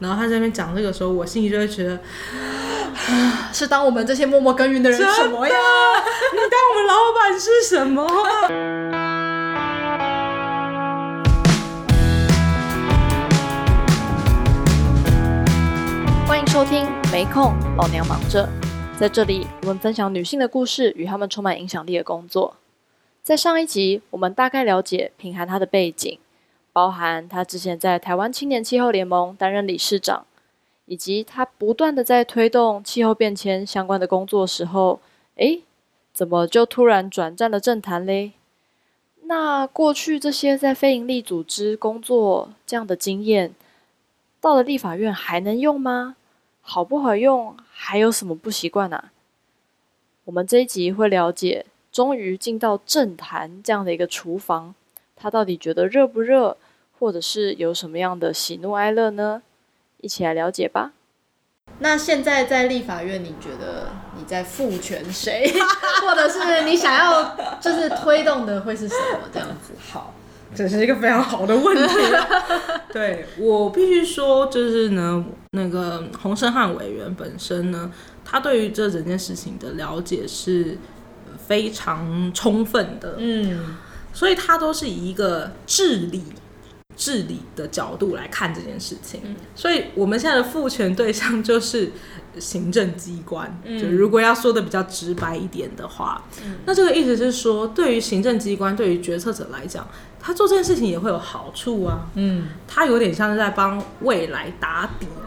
然後他在那邊講這個時候，我心裡就會覺得、啊，是當我們這些默默耕耘的人是什麼呀？你當我們老板是什麼？ 歡迎收聽《沒空，老娘忙着》。在這裡，我們分享女性的故事與她們充滿影響力的工作。在上一集，我們大概了解平涵她的背景。包含他之前在台灣青年氣候聯盟擔任理事長，以及他不斷的在推動氣候變遷相關的工作的時候，哎、欸，怎麼就突然轉戰了政壇嘞？那過去這些在非營利組織工作這樣的經驗，到了立法院還能用嗎？好不好用？還有什麼不習慣啊？我們這一集會了解，終於進到政壇這樣的一個廚房，他到底覺得熱不熱？或者是有什麼樣的喜怒哀樂呢？一起來了解吧。那現在在立法院，你覺得你在賦權誰， 或者是你想要就是推動的會是什麼？這樣子 好，這是一個非常好的問題。 對，我必須說，就是呢，那個洪申翰委員本身呢，他對於這整件事情的了解是非常充分的。嗯，所以他都是以一個智力。治理的角度來看這件事情，嗯、所以我們現在的賦權對象就是行政機關。嗯、就如果要說的比較直白一點的話，嗯、那這個意思是說，對於行政機關，對於決策者來講，他做這件事情也會有好處啊。嗯，他有點像是在幫未來打底嘛。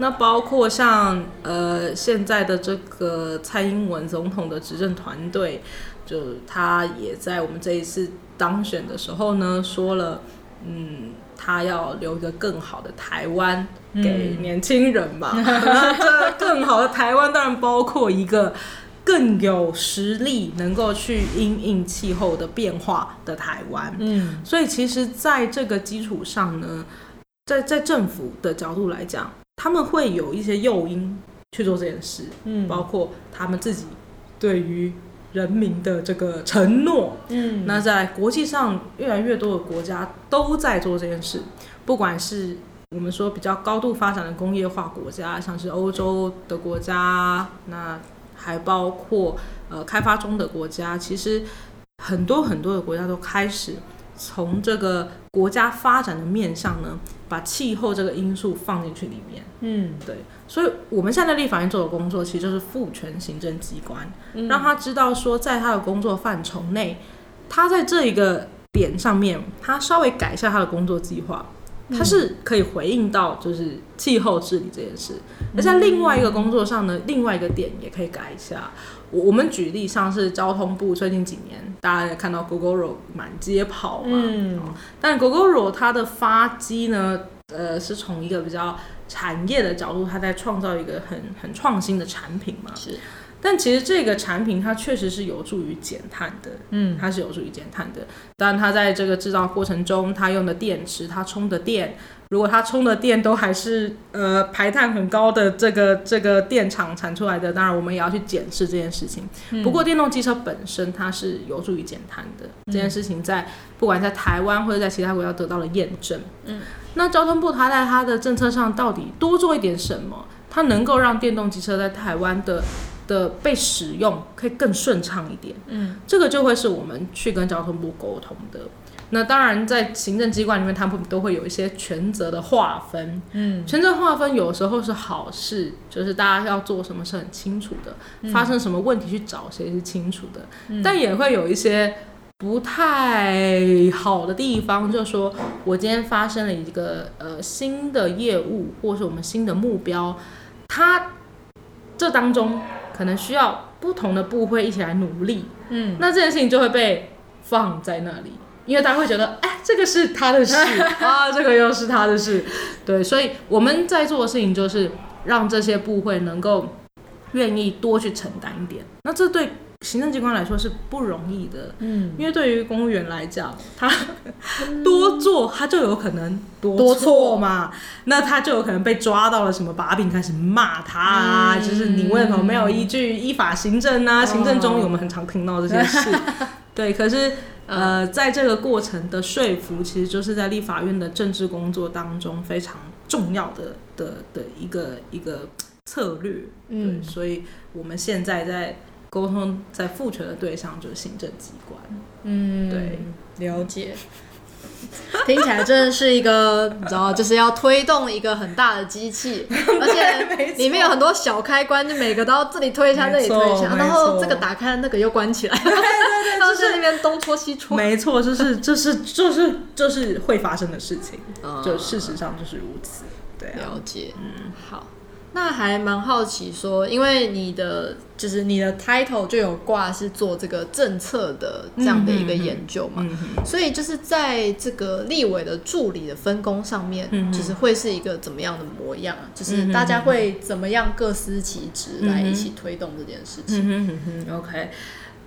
那包括像呃現在的這個蔡英文總統的執政團隊，就他也在我們這一次當選的時候呢說了。嗯，他要留一個更好的台灣給年輕人嘛。嗯、這更好的台灣當然包括一個更有實力能夠去因應氣候的變化的台灣。嗯，所以其實在這個基礎上呢，在在政府的角度來講，他們會有一些誘因去做這件事。嗯，包括他們自己對於。人民的這個承諾，嗯，那在國際上，越來越多的國家都在做這件事。不管是我們說比較高度發展的工業化國家，像是歐洲的國家，那還包括呃開發中的國家，其實很多很多的國家都開始。從這個國家發展的面向呢，把氣候這個因素放進去裡面。嗯，對。所以我們現在立法院做的工作，其實就是賦權行政機關、嗯，讓他知道說，在他的工作範疇內，他在這一個點上面，他稍微改一下他的工作計劃。它是可以回應到就是氣候治理這件事，而在另外一個工作上呢、嗯，另外一個點也可以改一下。我我們舉例上是交通部最近幾年大家也看到 Gogoro 滿街跑嘛，嗯嗯、但 Gogoro 它的發跡呢，呃，是從一個比較產業的角度，它在創造一個很很創新的產品嘛。是。但其實這個產品它確實是有助於減碳的，嗯，它是有助於減碳的。當然，它在這個製造過程中，它用的電池，它充的電，如果它充的電都還是呃排碳很高的這個這個電廠產出來的，當然我們也要去檢視這件事情。嗯、不過電動機車本身它是有助於減碳的、嗯，這件事情在不管在台灣或者在其他國家得到了驗證。嗯，那交通部它在它的政策上到底多做一點什麼？它能夠讓電動機車在台灣的的被使用，可以更順暢一點，嗯，這個就會是我們去跟交通部溝通的。那當然，在行政機關裡面，他們都會有一些權責的劃分，嗯，權責劃分有時候是好事，就是大家要做什麼是很清楚的，嗯，發生什麼問題去找誰是清楚的，嗯，但也會有一些不太好的地方，就是說我今天發生了一個呃新的業務，或是我們新的目標，它這當中。可能需要不同的部會一起來努力，嗯，那這件事情就會被放在那裡，因為他會覺得，哎、欸，這個是他的事 啊，這個又是他的事，對，所以我們在做的事情就是讓這些部會能夠願意多去承擔一點，那這對。行政機關來說是不容易的，嗯，因為對於公務員來講，他多做、嗯、他就有可能多錯嘛，那他就有可能被抓到了什麼把柄，開始罵他、啊嗯，就是你為什麼沒有依據依法行政啊，嗯、行政中我們很常聽到這些事，哦、對，對。可是、嗯，呃，在這個過程的說服，其實就是在立法院的政治工作當中非常重要的的的一個一個策略。嗯對，所以我們現在在。溝通在賦權的對象就是行政機關。嗯，對，了解。聽起來真的是一個， 你知道，就是要推動一個很大的機器， 而且裡面有很多小開關，就每個都要這裡推一下，這裡推一下，然後這個打開，那個又關起來。 搓搓對對對，就是那邊東搓西搓。 沒錯，就是，就是，就是，就是會發生的事情。嗯，就事實上就是如此。對啊，了解。嗯，好。那還蠻好奇說，說因為你的就是你的 title 就有掛是做這個政策的這樣的一個研究嘛，嗯嗯，所以就是在這個立委的助理的分工上面，嗯，就是會是一個怎麼樣的模樣？就是大家會怎麼樣各司其職來一起推動這件事情，嗯哼嗯哼嗯哼嗯、哼，OK，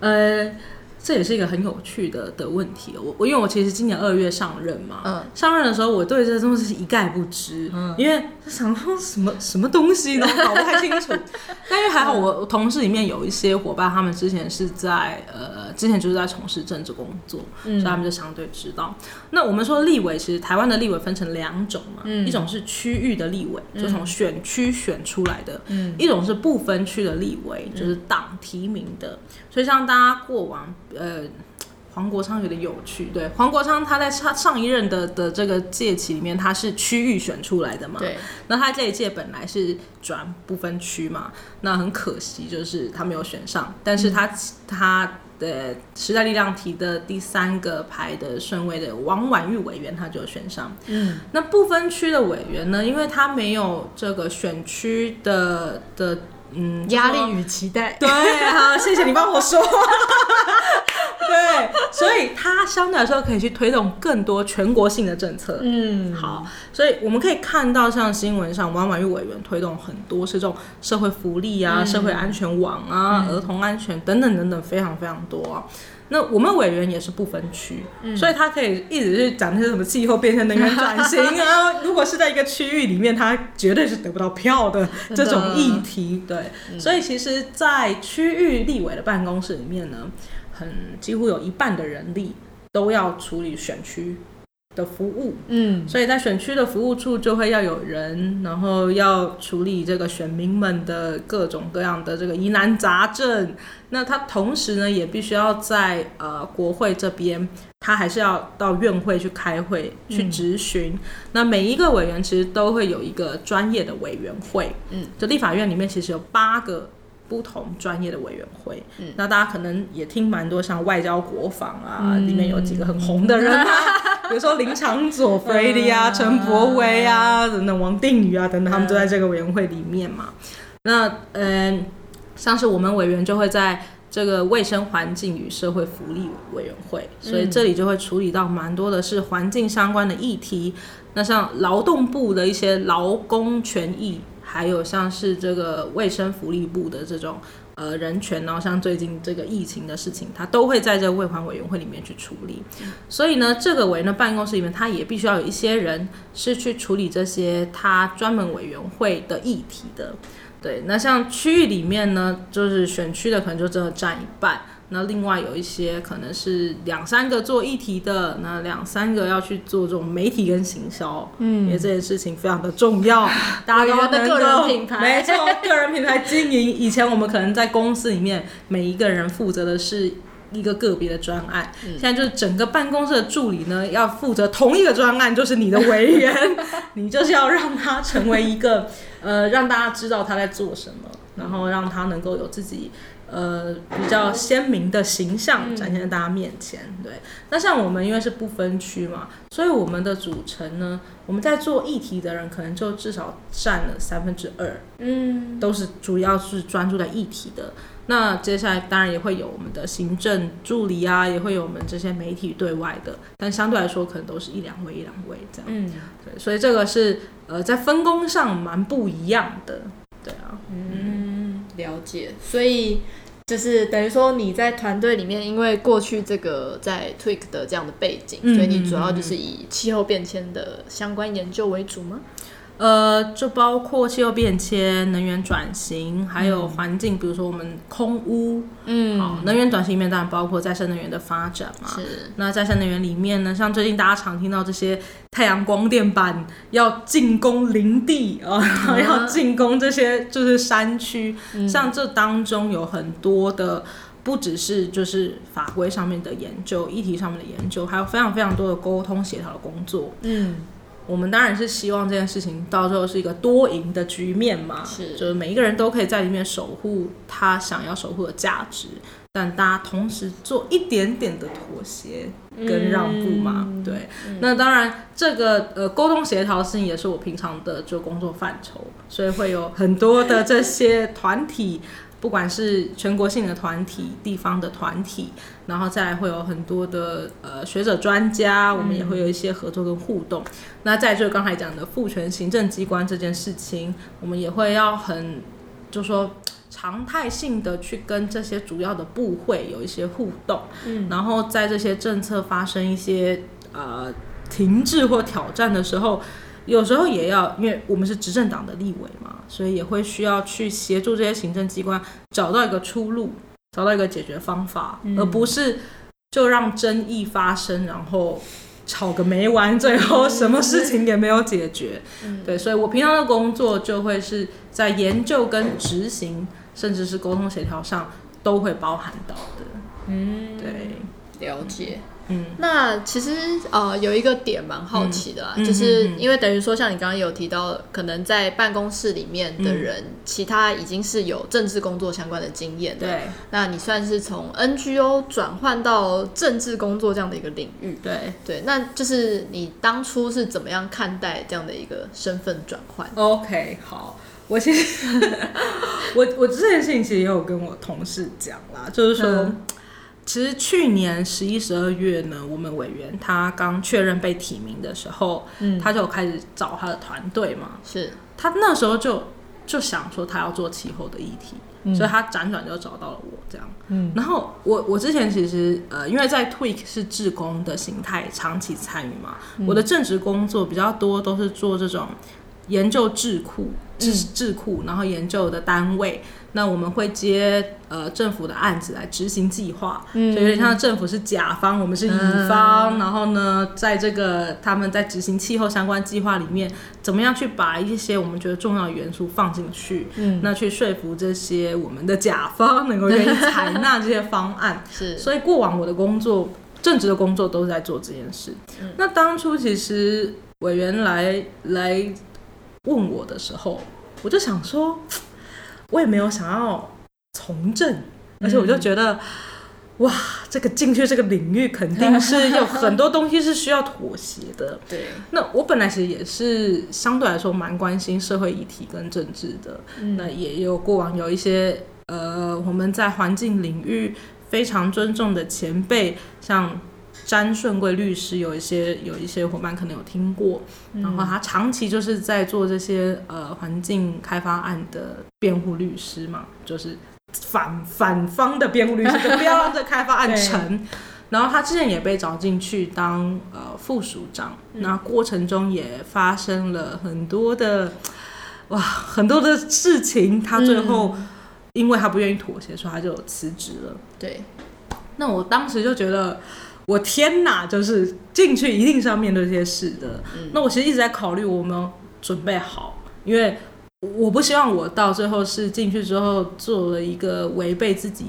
呃。這也是一個很有趣的的問題。我我因為我其實今年二月上任嘛、嗯，上任的時候我對這東西是一概不知，嗯、因為想說什麼什麼東西都 搞不太清楚。但因為還好，我同事裡面有一些夥伴，他們之前是在呃之前就是在從事政治工作、嗯，所以他們就相對知道。那我們說立委，其實台灣的立委分成兩種嘛，嗯、一種是區域的立委，嗯、就從選區選出來的、嗯；一種是不分區的立委，嗯、就是黨提名的。嗯、所以像大家過往。呃，黃國昌有點有趣。對，黃國昌他在上上一任的的這個屆期裡面，他是區域選出來的嘛？對。那他這一屆本來是轉不分區嘛？那很可惜，就是他沒有選上。但是他、嗯、他的時代力量提的第三個排的順位的王婉諭委員，他就選上。嗯。那不分區的委員呢？因為他沒有這個選區的的。的嗯，壓力與期待，對、啊， 好，謝謝你幫我說， 對，所以它相對來說可以去推動更多全國性的政策，嗯，好，所以我們可以看到，像新聞上，往往由委員推動很多是這種社會福利啊、嗯、社會安全網啊、嗯、兒童安全等等等等，非常非常多。那我們委員也是不分區，嗯，所以他可以一直是講那些什麼氣候變遷能源轉型啊。 如果是在一個區域裡面，他絕對是得不到票的這種議題。對，嗯，所以其實，在區域立委的辦公室裡面呢，很幾乎有一半的人力都要處理選區的服務，嗯，所以在選區的服務處就會要有人，然後要處理這個選民們的各種各樣的這個疑難雜症。那他同時呢，也必須要在呃國會這邊，他還是要到院會去開會去質詢。嗯，那每一個委員其實都會有一個專業的委員會，嗯，就立法院裡面其實有八個。不同專業的委員會，嗯，那大家可能也聽蠻多，像外交、國防啊、嗯，裡面有幾個很紅的人啊，嗯，比如說林昶佐、Freddy 啊、陳柏惟啊、呃、等等、王定宇啊等等，他們都在這個委員會裡面嘛。嗯，那嗯、呃，像是我們委員就會在這個衛生環境與社會福利委員會，所以這裡就會處理到蠻多的是環境相關的議題。嗯、那像勞動部的一些勞工權益。還有像是這個衛生福利部的這種呃人權，然後像最近這個疫情的事情，他都會在這衛環委員會裡面去處理。所以呢，這個委員的辦公室裡面，他也必須要有一些人是去處理這些他專門委員會的議題的。對，那像區域裡面呢，就是選區的可能就真的占一半。那另外有一些可能是兩三個做議題的，那兩三個要去做這種媒體跟行銷，嗯，因為這件事情非常的重要，大家都能夠，個人品牌，沒錯， 個人品牌經營。以前我們可能在公司裡面，每一個人負責的是一個個別的專案，嗯，現在就是整個辦公室的助理呢，要負責同一個專案，就是你的委員， 你就是要讓他成為一個， 呃，讓大家知道他在做什麼，然後讓他能夠有自己。呃，比較鮮明的形象展現在大家面前。嗯、對，那像我們因為是不分區嘛，所以我們的組成呢，我們在做議題的人可能就至少占了三分之二，嗯，都是主要是專注在議題的。那接下來當然也會有我們的行政助理啊，也會有我們這些媒體對外的，但相對來說可能都是一兩位一兩位這樣。嗯，對，所以這個是呃在分工上蠻不一樣的。對啊，嗯，嗯，了解。所以。就是等於說你在團隊裡面，因為過去這個在 TWYCC 的這樣的背景嗯嗯嗯嗯、所以你主要就是以氣候變遷的相關研究為主嗎？呃，就包括氣候變遷、能源轉型，還有環境，嗯。比如說我們空污。嗯。哦，能源轉型裡面當然包括再生能源的發展嘛。是。那再生能源裡面呢，像最近大家常聽到這些太陽光電板要進攻林地啊，嗯，要進攻這些就是山區，嗯，像這當中有很多的，不只是就是法規上面的研究，議題上面的研究，還有非常非常多的溝通協調的工作。嗯。我們當然是希望這件事情到最後是一個多贏的局面嘛，是，就是每一個人都可以在裡面守護他想要守護的價值，但大家同時做一點點的妥協跟讓步嘛。嗯、對、嗯，那當然這個呃溝通協調性也是我平常的就工作範疇，所以會有很多的這些團體。不管是全國性的團體、地方的團體，然後再來會有很多的呃學者專家，我們也會有一些合作跟互動。嗯，那再就剛才講的賦權行政機關這件事情，我們也會要很就說常態性的去跟這些主要的部會有一些互動。嗯，然後在這些政策發生一些呃停滯或挑戰的時候。有時候也要，因為我們是執政黨的立委嘛，所以也會需要去協助這些行政機關找到一個出路，找到一個解決方法，嗯，而不是就讓爭議發生，然後吵個沒完，最後什麼事情也沒有解決。嗯、對，對，所以我平常的工作就會是在研究、跟執行，甚至是溝通協調上都會包含到的。嗯，對，了解。那其實呃，有一個點蠻好奇的啦、嗯，就是因為等於說，像你剛剛有提到，可能在辦公室裡面的人，嗯、其他已經是有政治工作相關的經驗。對，那你算是從 NGO 轉換到政治工作這樣的一個領域。對對，那就是你當初是怎麼樣看待這樣的一個身份轉換？OK，好，我其實 我我之前事情其實也有跟我同事講啦，就是說。嗯其實去年十一、十二月呢，我們委員他剛確認被提名的時候，嗯，他就開始找他的團隊嘛，是他那時候就就想說他要做氣候的議題，嗯，所以他輾轉就找到了我這樣，嗯，然後我我之前其實呃，因為在 Tweak 是志工的形態，長期參與嘛，嗯，我的正職工作比較多都是做這種研究智庫。智智庫，然後研究的單位，嗯、那我們會接呃政府的案子來執行計劃，嗯，所以像政府是甲方，我們是乙方。嗯、然後呢，在這個他們在執行氣候相關計劃裡面，怎麼樣去把一些我們覺得重要的元素放進去？嗯，那去說服這些我們的甲方能夠願意採納這些方案。 是，所以過往我的工作，正職的工作都是在做這件事。嗯、那當初其實委員來來問我的時候。我就想說，我也沒有想要從政，而且我就覺得，哇，這個進去這個領域肯定是有很多東西是需要妥協的。對，那我本來其實也是相對來說蠻關心社會議題跟政治的。那也有過往有一些呃，我們在環境領域非常尊重的前輩，像。詹順貴律師有一些有一些夥伴可能有聽過，嗯，然後他長期就是在做這些呃環境開發案的辯護律師嘛，就是反反方的辯護律師，就不要讓這開發案成。 然後他之前也被找進去當呃副署長，那、嗯、過程中也發生了很多的哇，很多的事情。他最後因為他不願意妥協，所以他就辭職了。對，那我當時就覺得。我天哪，就是進去一定是要面對這些事的。嗯、那我其實一直在考慮，我有沒有準備好，因為我不希望我到最後是進去之後做了一個違背自己。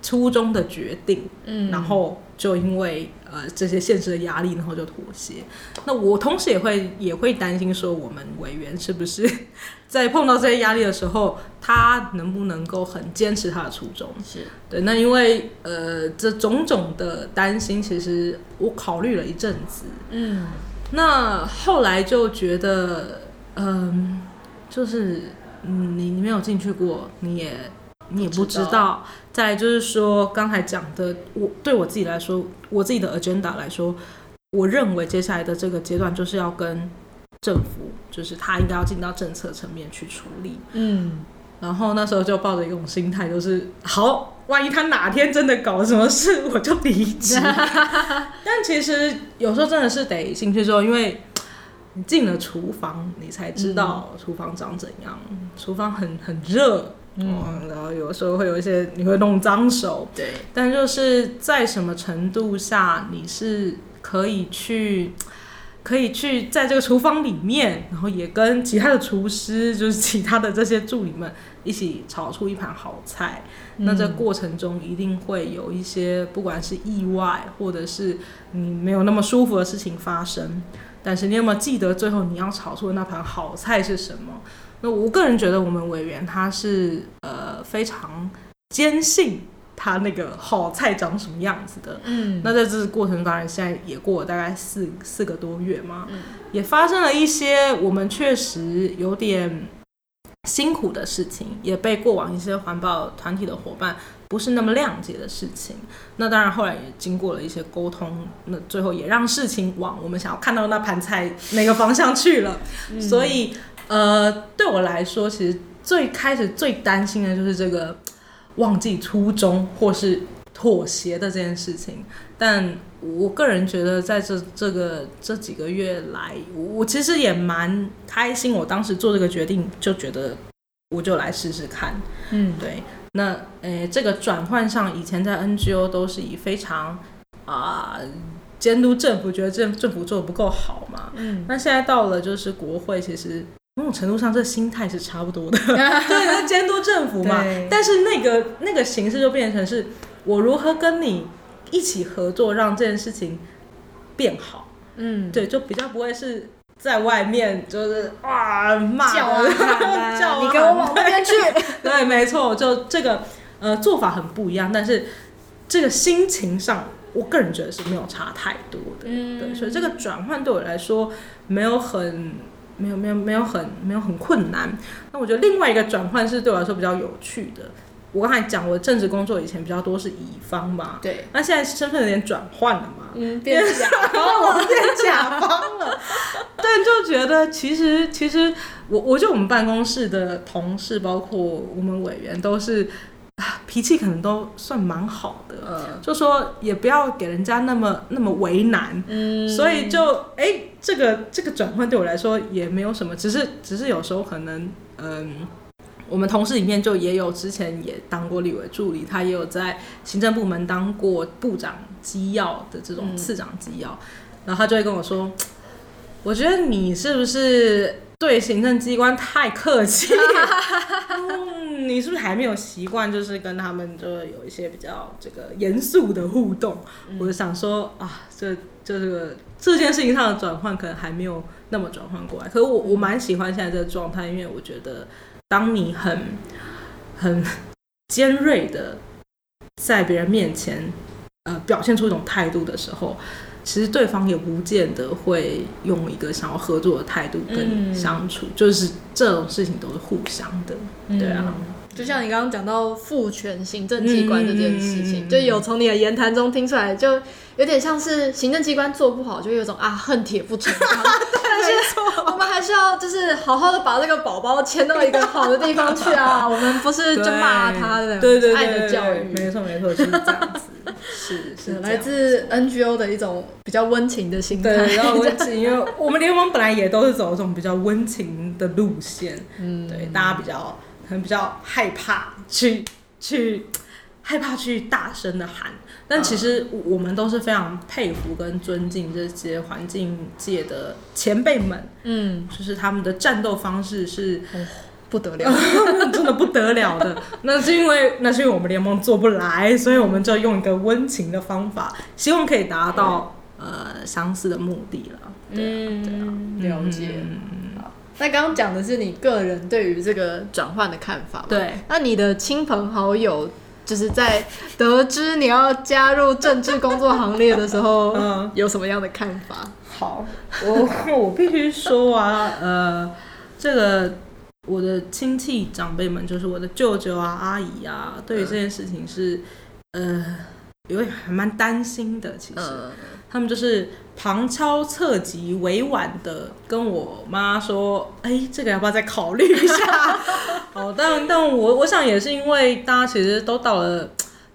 初衷的決定，嗯，然後就因為、嗯、呃這些現實的壓力，然後就妥協。那我同時也會也會擔心，說我們委員是不是在碰到這些壓力的時候，他能不能夠很堅持他的初衷？是對。那因為呃這種種的擔心，其實我考慮了一陣子，嗯，那後來就覺得，嗯、呃，就是、嗯、你沒有進去過，你也。你也不知道。知道，再就是說，剛才講的，我對我自己來說，我自己的 agenda 來說，我認為接下來的這個階段就是要跟政府，就是他應該要進到政策層面去處理。嗯。然後那時候就抱着一種心態，就是好，萬一他哪天真的搞什麼事，我就離職。 但其實有時候真的是得進去之後，因為你進了廚房，你才知道廚房長怎樣，嗯、廚房很很熱。嗯，然後有時候會有一些，你會弄髒手，對。但就是在什麼程度下，你是可以去，可以去在這個廚房裡面，然後也跟其他的廚師，就是其他的這些助理們一起炒出一盤好菜。嗯、那這過程中一定會有一些，不管是意外或者是你沒有那麼舒服的事情發生。但是你有沒有記得最後你要炒出的那盤好菜是什麼？那我個人覺得，我們委員他是呃非常堅信他那個好菜長什麼樣子的。嗯。那在這個過程當中，當然現在也過了大概四四個多月嘛，嗯，也發生了一些我們確實有點辛苦的事情，也被過往一些環保團體的夥伴不是那麼諒解的事情。那當然，後來也經過了一些溝通，那最後也讓事情往我們想要看到那盤菜那個方向去了。嗯，所以。呃，對我來說，其實最開始最擔心的就是這個忘記初衷或是妥協的這件事情。但我個人覺得，在這這個這幾個月來我，我其實也蠻開心。我當時做這個決定，就覺得我就來試試看。嗯，對。那誒，這個轉換上，以前在 NGO 都是以非常啊、呃、監督政府，覺得政政府做得不夠好嘛。嗯，那現在到了就是國會，其實。某種程度上，這心態是差不多的。 對，你是監督政府嘛？ 但是那個那個形式就變成是，我如何跟你一起合作，讓這件事情變好。嗯，對，就比較不會是在外面就是啊罵，叫我滾，你 給我往那邊去 對。對，沒錯，就這個、呃、做法很不一樣，但是這個心情上，我個人覺得是沒有差太多的。嗯，對，所以這個轉換對我來說沒有很。沒有沒有沒有很、嗯、沒有很困難，那我覺得另外一個轉換是對我來說比較有趣的。我剛才講我的政治工作以前比較多是乙方嘛，對，那現在身份有點轉換了嘛，嗯， 變甲，然後我變甲方了， 但就覺得其實其實我我覺得我們辦公室的同事，包括我們委員，都是、啊、脾氣可能都算蠻好的、嗯，就說也不要給人家那麼那麼為難，嗯，所以就哎。這個這個轉換對我來說也沒有什麼，只是只是有時候可能，嗯，我們同事裡面就也有之前也當過立委助理，他也有在行政部門當過部長機要的這種次長機要，嗯、然後他就會跟我說，我覺得你是不是對行政機關太客氣了、？ 嗯？你是不是還沒有習慣就是跟他們就有一些比較這個嚴肅的互動？嗯、我就想說啊，這這個。這件事情上的轉換可能還沒有那麼轉換過來，可是我我蠻喜歡現在這個狀態，因為我覺得當你很很尖銳的在別人面前呃表現出一種態度的時候，其實對方也不見得會用一個想要合作的態度跟你相處，嗯，就是這種事情都是互相的，嗯、對啊。就像你剛剛講到賦權行政機關的這件事情，嗯，就有從你的言談中聽出來就。有點像是行政機關做不好，就會有一種啊恨鐵不成鋼。 對我們還是要就是好好的把這個寶寶牽到一個好的地方去啊。 我們不是就罵他的對對對對對愛的教育。沒錯沒錯，是這樣子。 是是來自 NGO 的一種比較溫情的心態。對，然後溫情， 因為我們聯盟本來也都是走一種比較溫情的路線。嗯，對，大家比較很比較害怕去去。去害怕去大聲的喊，但其實我們都是非常佩服跟尊敬這些環境界的前輩們，嗯，就是他們的戰鬥方式是、嗯、不得了， 真的不得了的。 那是因為那是因為我們聯盟做不來，所以我們就用一個溫情的方法，希望可以達到、嗯、呃相似的目的了。對啊、對啊、嗯、了解。嗯、那剛剛講的是你個人對於這個轉換的看法，對，那你的親朋好友。就是在得知你要加入政治工作行列的時候， 嗯，有什麼樣的看法？好，我 我必須說啊，呃，這個我的親戚長輩們，就是我的舅舅啊、阿姨啊，對於這件事情是，嗯、呃。有點還蠻擔心的，其實，他們就是旁敲側擊、委婉的跟我媽說：“哎，這個要不要再考慮一下 ？”好，但但我我想也是因為大家其實都到了。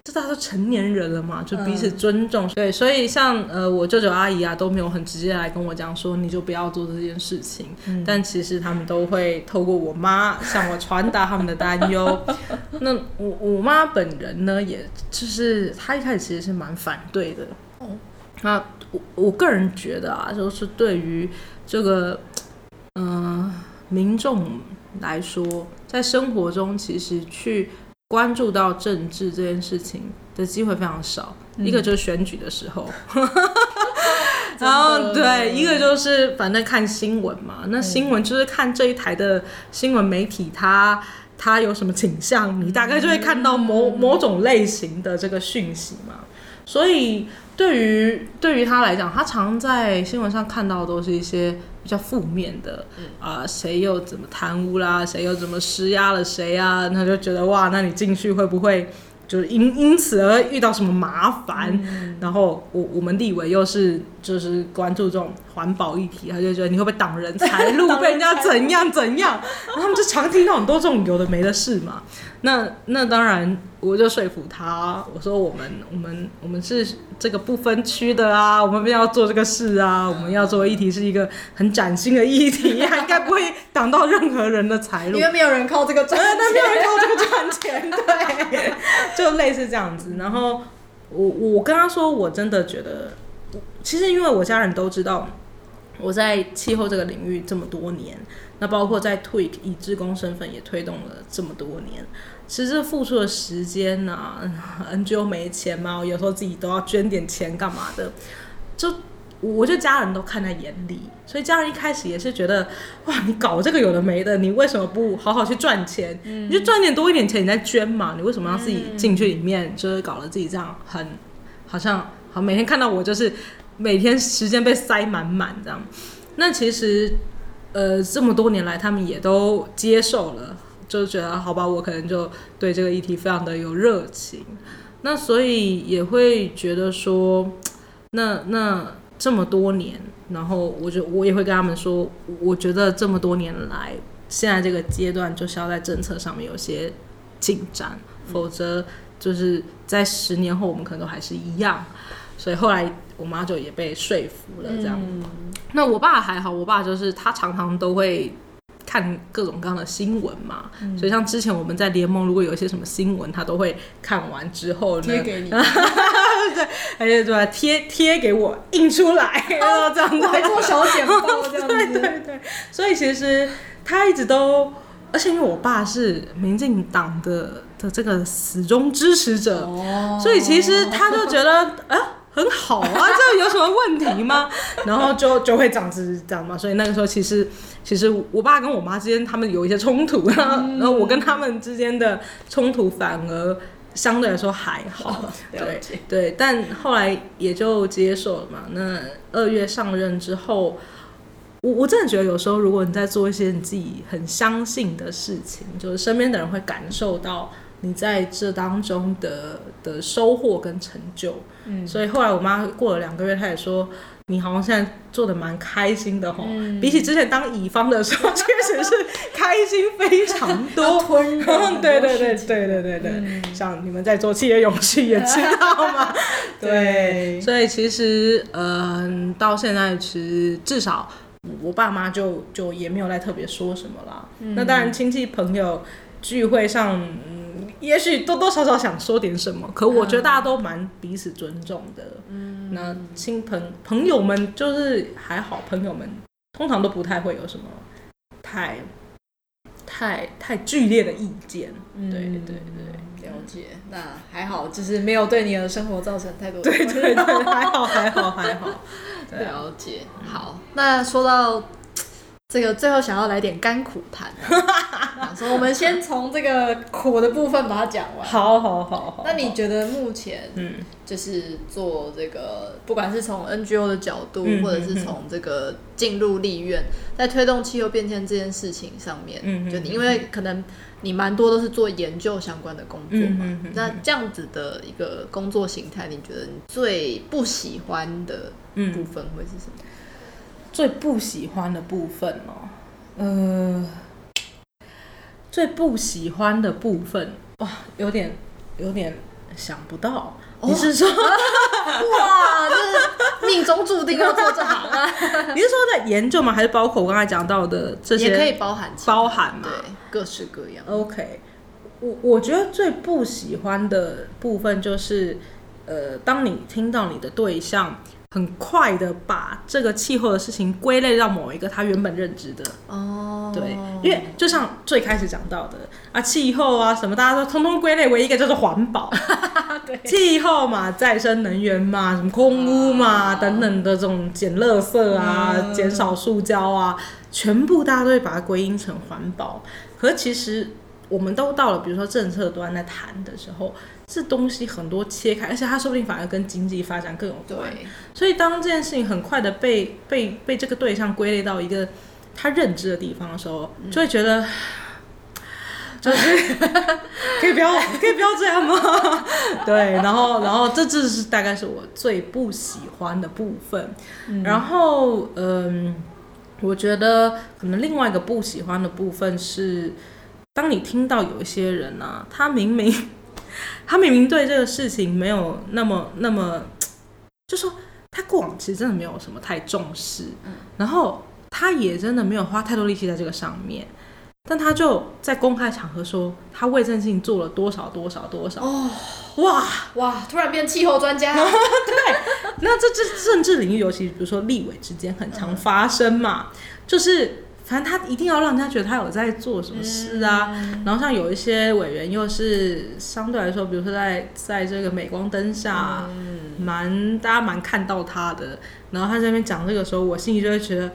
這大家都成年人了嘛，就彼此尊重。嗯、對，所以像呃，我舅舅阿姨啊，都沒有很直接來跟我講說，你就不要做這件事情。嗯、但其實他們都會透過我媽向我傳達他們的擔憂。 那我我媽本人呢，也就是她一開始其實是蠻反對的。那、嗯、我我個人覺得啊，就是對於這個嗯、呃、民眾來說，在生活中其實去。關注到政治這件事情的機會非常少，一個就是選舉的時候，然後對，一個就是反正看新聞嘛，那新聞就是看這一台的新聞媒體，它它有什麼傾向，你大概就會看到某某種類型的這個訊息嘛。所以對於對於他來講，他常在新聞上看到的都是一些。比較負面的，啊，誰又怎麼貪污啦？誰又怎麼施壓了誰啊？他就覺得哇，那你進去會不會就是因因此而遇到什麼麻煩？然後我我們立委又是。就是關注這種環保議題、啊，他就覺得你會不會擋人財路， 被人家怎樣怎樣？然 後他們就常聽到很多這種有的沒的事嘛。那那當然，我就說服他、啊，我說我們我們我們是這個不分區的啊，我們要做這個事啊，我們要做議題是一個很嶄新的議題啊，應 該不會擋到任何人的財路，因為沒有人靠這個賺，因、呃、為沒有人靠這個賺錢， 對，就類似這樣子。然後我我跟他說，我真的覺得。其實，因為我家人都知道我在氣候這個領域這麼多年，那包括在 TWYCC 以志工身份也推動了這麼多年，其實付出的時間吶、啊、，NGO 沒錢嘛，有時候自己都要捐點錢幹嘛的，就我就家人都看在眼裡，所以家人一開始也是覺得，哇，你搞這個有的沒的，你為什麼不好好去賺錢、嗯？你就賺點多一點錢，你再捐嘛，你為什麼要自己進去裡面，嗯、就是搞得自己這樣，很好像好每天看到我就是。每天時間被塞滿滿這樣，那其實，呃，這麼多年來他們也都接受了，就覺得好吧，我可能就對這個議題非常的有熱情，那所以也會覺得說，那那這麼多年，然後我就我也會跟他們說，我覺得這麼多年來，現在這個階段就是要在政策上面有些進展，嗯，否則就是在十年後我們可能都還是一樣，所以後來。我媽就也被說服了，這樣子、嗯。那我爸還好，我爸就是他常常都會看各種各樣的新聞嘛、嗯。所以像之前我們在聯盟，如果有一些什麼新聞，他都會看完之後貼給你， 對，哎對吧？貼貼給我印出來，哦、啊，這樣子還做小剪報，對對對。所以其實他一直都，而且因為我爸是民進黨的的這個死忠支持者，哦、所以其實他就覺得啊。很好啊，這有什麼問題嗎？ 然後就就會長這樣嘛，所以那個時候其實其實我爸跟我媽之間他們有一些衝突啊，嗯，然後我跟他們之間的衝突反而相對來說還好。好，了解，對對，但後來也就接受了嘛。那二月上任之後，我我真的覺得有時候如果你在做一些你自己很相信的事情，就是身邊的人會感受到。你在這當中的的收穫跟成就，嗯，所以後來我媽過了兩個月，她也說，你好像現在做的蠻開心的吼、嗯，比起之前當乙方的時候，確實是開心非常多。 多 對對對對對對對，嗯、像你們在做企業永續，也知道嘛、嗯。對，所以其實，嗯，到現在其實至少我爸媽就就也沒有再特別說什麼了、嗯。那當然，親戚朋友聚會上。也許多多少少想說點什麼，可我覺得大家都蠻彼此尊重的。嗯，那親朋朋友們就是還好，朋友們通常都不太會有什麼太太太劇烈的意見，嗯。對對對，了解。那還好，就是沒有對你的生活造成太多。對對對，還好還好還好。 了解。好，那說到。這個最後想要來點甘苦談，啊， 說我們先從這個苦的部分把它講完。 好，好，好，好，那你覺得目前，嗯，就是做這個，不管是從 NGO 的角度，或者是從這個進入立院，在推動氣候變遷這件事情上面，就嗯，因為可能你蠻多都是做研究相關的工作嘛，那這樣子的一個工作形態，你覺得你最不喜歡的部分會是什麼？最不喜歡的部分哦，呃、最不喜歡的部分哇，有點有點想不到。哦、你是，是說、啊、哇， 這是命中注定要做這行嗎？你是說在研究嗎？還是包括我剛才講到的這些？也可以包含包含對，各式各樣。OK，我我覺得最不喜歡的部分就是，呃、當你聽到你的對象。很快的把這個氣候的事情歸類到某一個他原本認知的哦，oh. 對，因為就像最開始講到的啊，啊，氣候啊什麼，大家都通通歸類為一,一個叫做環保，氣 候嘛，再生能源嘛，什麼空污嘛，oh. 等等的這種減垃圾啊，oh. 減少塑膠啊，全部大家都會把它歸因成環保，可其實。我們都到了，比如說政策端在談的時候，這東西很多切開，而且他說不定反而跟經濟發展更有關係。所以當這件事情很快的被被被這個對象歸類到一個他認知的地方的時候，就會覺得，嗯、就是 可以不要 可以不要這樣嗎？ 對，然後然後這就是，大概是我最不喜歡的部分。嗯、然後嗯、呃，我覺得可能另外一個不喜歡的部分是，當你聽到有一些人呢、啊，他明明，他明明對這個事情沒有那麼那麼，就說他過往其實真的沒有什麼太重視，嗯、然後他也真的沒有花太多力氣在這個上面，但他就在公開場合說他為這件事情做了多少多少多少哦，哇哇，突然變氣候專家，對，那這這 政治領域尤其比如說立委之間很常發生嘛，嗯、就是。反正他一定要讓人家覺得他有在做什麼事啊，然後像有一些委員又是相對來說，比如說在在這個鎂光燈下，嗯，蠻大家蠻看到他的，然後他在那邊講這個時候，我心裡就會覺得。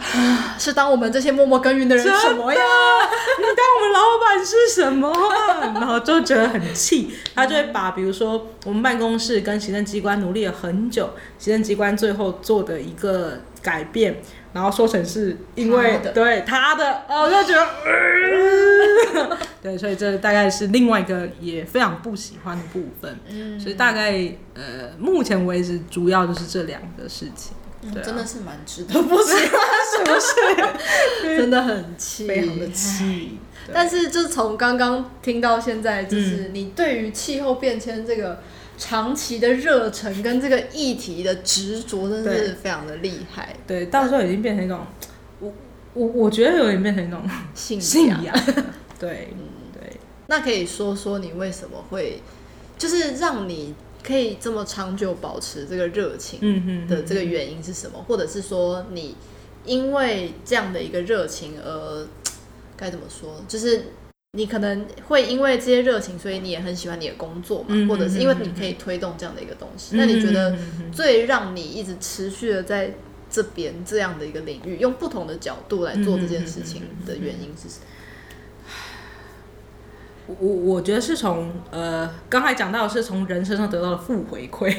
啊！是當我們這些默默耕耘的人是什麼呀？你當我們老闆是什麼？ 然後就覺得很氣，他就會把比如說我們辦公室跟行政機關努力了很久，行政機關最後做的一個改變，然後說成是因為對他的，對他的、 哦，我就覺得，呃、 對，所以這大概是另外一個也非常不喜歡的部分。嗯，所以大概呃，目前為止主要就是這兩個事情。嗯、真的是蠻值得的，啊，不知道 是不是？ 真的很氣，非常的氣。但是，就從剛剛聽到現在，就是你對於氣候變遷這個長期的熱忱跟這個議題的執着，真的是非常的厲害對。對，到時候已經變成一種，啊、我我我覺得有點變成一種信、嗯、仰。 對、嗯、對，那可以說說你為什麼會，就是讓你。可以這麼長久保持這個熱情的這個原因是什麼？或者是說你因為這樣的一個熱情而該怎麼說？就是你可能會因為這些熱情，所以你也很喜歡你的工作嘛？或者是因為你可以推動這樣的一個東西？那你覺得最讓你一直持續的在這邊這樣的一個領域，用不同的角度來做這件事情的原因是什麼？我我覺得是從呃剛才講到是從人身上得到的負回饋，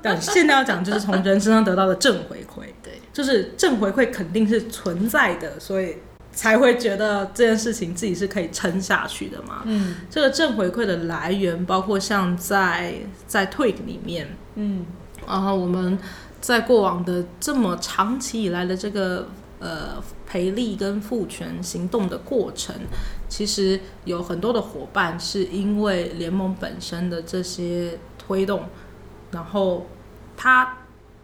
但 現在要講就是從人身上得到的正回饋，對，就是正回饋肯定是存在的，所以才會覺得這件事情自己是可以撐下去的嘛。嗯，這個正回饋的來源包括像在在 TWYCC 裡面，嗯，啊，我們在過往的這麼長期以來的這個呃培力跟賦權行動的過程。其實有很多的夥伴是因為聯盟本身的這些推動，然後他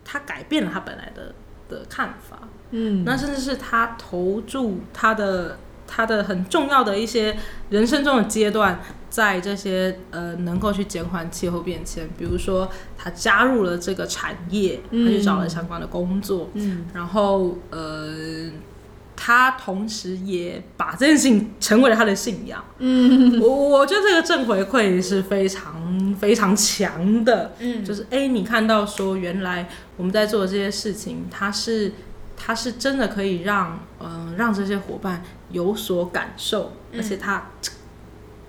他改變了他本來的的看法，嗯，那甚至是他投注他的他的很重要的一些人生中的階段，在這些呃能夠去減緩氣候變遷，比如說他加入了這個產業，他去找了相關的工作，嗯嗯，然後呃。他同時也把這件事情成為了他的信仰。嗯，我覺得這個正回饋是非常非常強的。嗯，就是欸，你看到說原來我們在做這些事情，他是他是真的可以讓嗯、呃、讓這些夥伴有所感受，而且他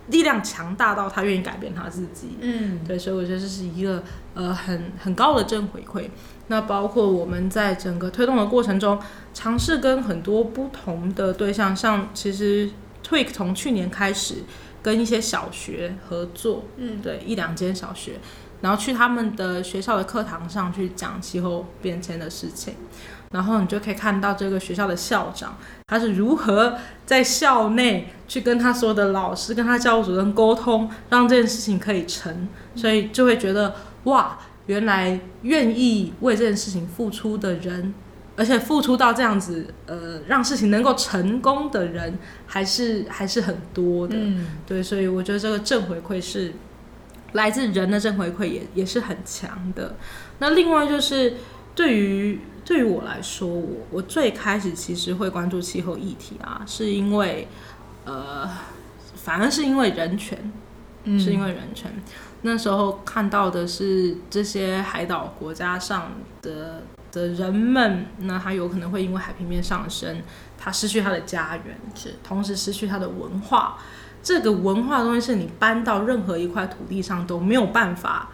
力量強大到他願意改變他自己。嗯，對，所以我覺得這是一個呃很很高的正回饋。那包括我們在整個推動的過程中，嘗試跟很多不同的對象，像其實 TWYCC 從去年開始跟一些小學合作，嗯，對，一兩間小學，然後去他們的學校的課堂上去講氣候變遷的事情，嗯、然後你就可以看到這個學校的校長他是如何在校內去跟他所有的老師、跟他教務主任溝通，讓這件事情可以成，嗯、所以就會覺得哇。原來願意為這件事情付出的人，而且付出到這樣子，呃，讓事情能夠成功的人還是還是很多的。嗯。對，所以我覺得這個正回饋是來自人的正回饋，也也是很強的。那另外就是對於對於我來說，我我最開始其實會關注氣候議題啊，是因為呃，反而是因為人權。嗯，是因為人權。那時候看到的是這些海島國家上的的人們，那他有可能會因為海平面上升，他失去他的家園，是同時失去他的文化。這個文化的東西是你搬到任何一塊土地上都沒有辦法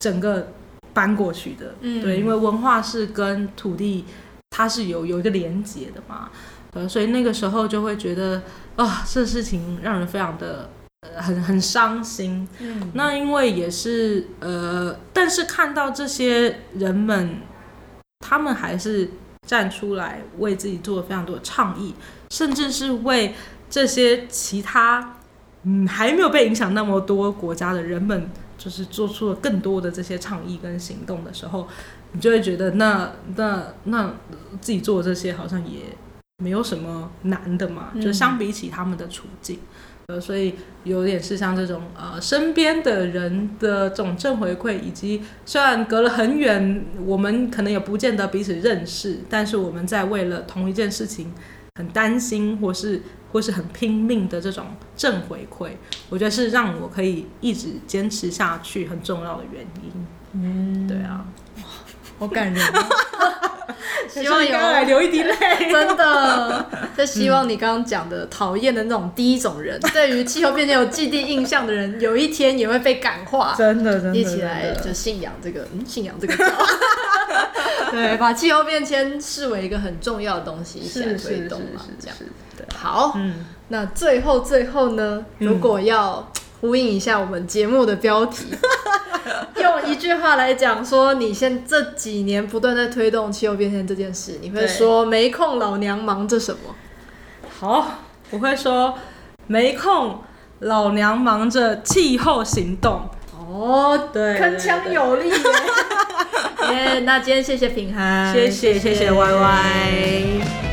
整個搬過去的，嗯、對，因為文化是跟土地它是有有一個連接的嘛，所以那個時候就會覺得啊、哦，這事情讓人非常的。很很傷心，嗯，那因為也是，呃，但是看到這些人們，他們還是站出來為自己做了非常多的倡議，甚至是為這些其他嗯還沒有被影響那麼多國家的人們，就是做出了更多的這些倡議跟行動的時候，你就會覺得那，那那那自己做的這些好像也沒有什麼難的嘛，嗯，就相比起他們的處境。所以有點是像這種，呃，身邊的人的這種正回饋，以及雖然隔了很遠，我們可能也不見得彼此認識，但是我們在為了同一件事情很擔心，或是或是很拼命的這種正回饋，我覺得是讓我可以一直堅持下去很重要的原因。嗯，對啊，哇，好感人， 希望有來流一滴淚， 真的。就希望你剛剛講的討厭、嗯、的那種第一種人，嗯、對於氣候變遷有既定印象的人， 有一天也會被感化，真的，真的，一起來就信仰這個， 嗯，信仰這個， 對，把氣候變遷視為一個很重要的東西，現推動懂嗎？這樣，好，嗯，那最後最後呢，嗯、如果要呼應一下我們節目的標題，嗯、 用一句話來講說，你現這幾年不斷在推動氣候變遷這件事，你會說沒空，老娘忙着什麼？好，我會說沒空，老娘忙着氣候行動。哦，對，鏗鏘有力。耶， yeah, 那今天謝謝品涵，謝謝謝謝歪歪，謝謝歪歪謝謝。